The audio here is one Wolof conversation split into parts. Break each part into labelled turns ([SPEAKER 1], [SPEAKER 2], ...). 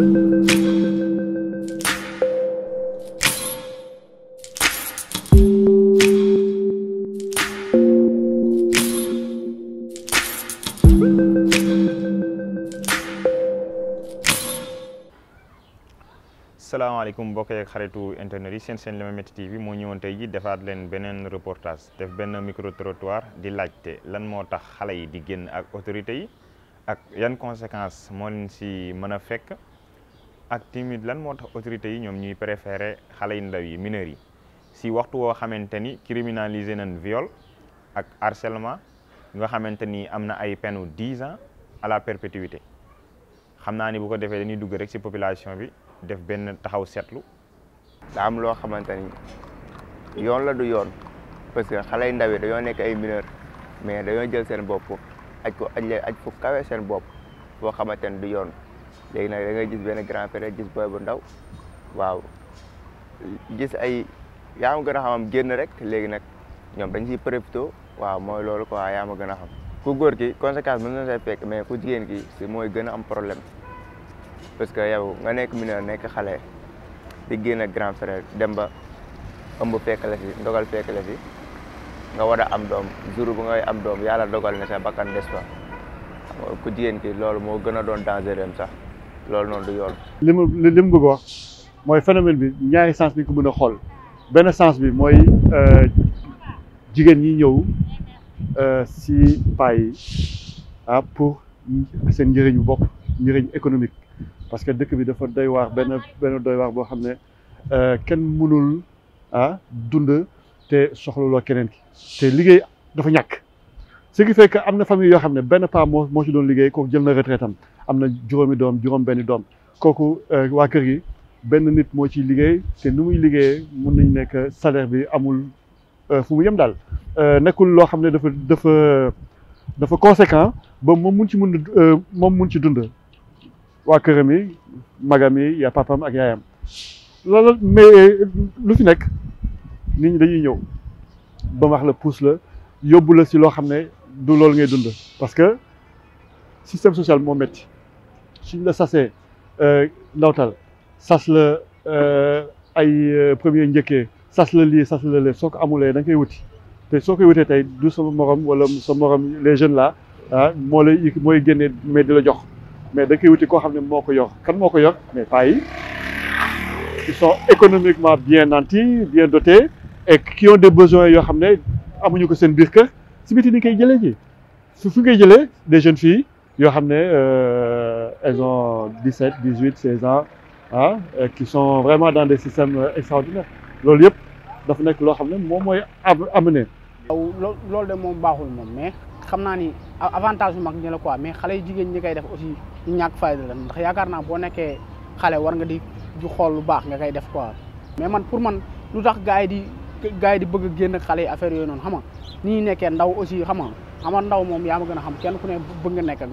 [SPEAKER 1] salaamaaleykum mbokk yeeg xaritu internet yi seen seen Limametti TV moo ñëwoon tey ji defaat leen beneen reportage def benn micro di laajte lan moo tax xale yi di génn ak autorité yi ak yan conséquence moo leen si mën a fekk ak timit lan motax autorité yi ñom ñuy préférer xalé yu ndaw yi mineur yi si waxtu wo xamanteni criminaliser nañ viol ak harcèlement nga xamanteni amna ay peine 10 ans à la perpétuité xam ni bu ko défé dañuy
[SPEAKER 2] dugg rek ci population bi def ben taxaw setlu da am lo xamanteni yoon la du yoon parce que xalé yu ndaw yi dañoo nekk ay mineur mais dañu jël seen bop aj ko aj leen aj fu kawe seen bopp boo xamante du yoon. léegi nag da ngay gis benn grand frère gis booy bu ndaw waaw gis ay yaam gën a am génn rek léegi nag ñoom dañ siy profité waaw mooy loolu quoi yaa ma gën a xam ku góor ki conséquence mën na say fekk mais ku jigéen ki si mooy gën a am problème parce que yow nga nekk mineur nekk xale di génn ak grand frère dem ba ëmb fekk la si ndogal fekk la si nga war a am doom jour bu ngay am doom yàlla dogal na sa bakkan des fa ku jigéen ki loolu moo gën a doon danger am sax loolu noonu
[SPEAKER 3] du yoon. li mu li mu bëgg wax mooy phénomène bi ñaari sens bi ñu ko mën a xool benn sens bi mooy euh, jigéen ñi ñëw euh, si paa yi ah, pour seen njëriñu bopp njëriñ économique parce que dëkk bi dafa doy waar benn benn doy waar boo xam ne euh, kenn mënul ah dund te soxlaloo keneen ki te liggéey dafa ñàkk. ce qui fait que am na famille yoo xam ne benn paa moo moo ci doon liggéey kooku jël na retraite am am na juróomi doom juróom benni doom kooku euh, waa kër gi benn nit moo ci liggéey te nu muy liggéeyee mun nañu nekk salaire bi amul euh, fu mu yem daal euh, nekkul loo xam ne dafa dafa dafa conséquent ba moom mun ci mun moom mun ci dund waa këram yi magam yi yaa papam ak yaayam loolu mais lu fi nekk nit ñi dañuy ñëw ba wax la pousse la yóbbu la si loo xam ne du lol ngay dund parce que système social moo métti suñ la sasee euh, ndawtal sas euh ay euh, premier njëkkee sas le li sas le le sok amulé amulee da nga wuti té sokay koy tay du sama morom wala sa morom les jeunes là ah, mo lay moy génnee mais dila jox mais da nga wuti ko xamné moko yor kan moko yor mais paa ils sont économiquement bien nantis bien dotés et qui ont des besoins yo xamné amuñu ko seen biir kër si biti ni koy jëlee ji su fu ngay des jeunes filles yoo xam ne euh, elles ont 17 18 16 ans hein, qui sont vraiment dans des systèmes euh, extraordinaires loolu yëpp dafa nekk loo xam ne moom mooy amener.
[SPEAKER 4] loolu loolu de moom baaxul moom mais xam ni avantage bu mag ñi quoi mais xale yu jigéen ñi koy def aussi ñu ñàkk fayda la ndax yaakaar naa boo nekkee xale war nga di ju xool lu baax nga koy def quoi mais man pour man lu tax gars yi di. gars yi di bëgg a génn xale yi affaire yooyu noonu xam ni ñu nekkee ndaw aussi xam xama ndaw moom yaa ma xam kenn ku ne bëgg nekk ak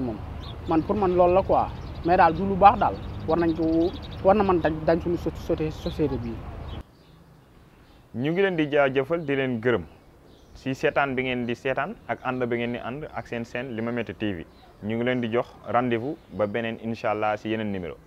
[SPEAKER 4] man pour man loolu la quoi mais daal du lu baax daal war nañ ko war na man dañ dañ suñu société société bii
[SPEAKER 1] ñu ngi leen di jaajëfal di leen gërëm si seetaan bi ngeen di seetaan ak ànd bi ngeen di ànd ak seen seen Limametti TV ñu ngi leen di jox rendez-vous ba beneen incha si yeneen numéro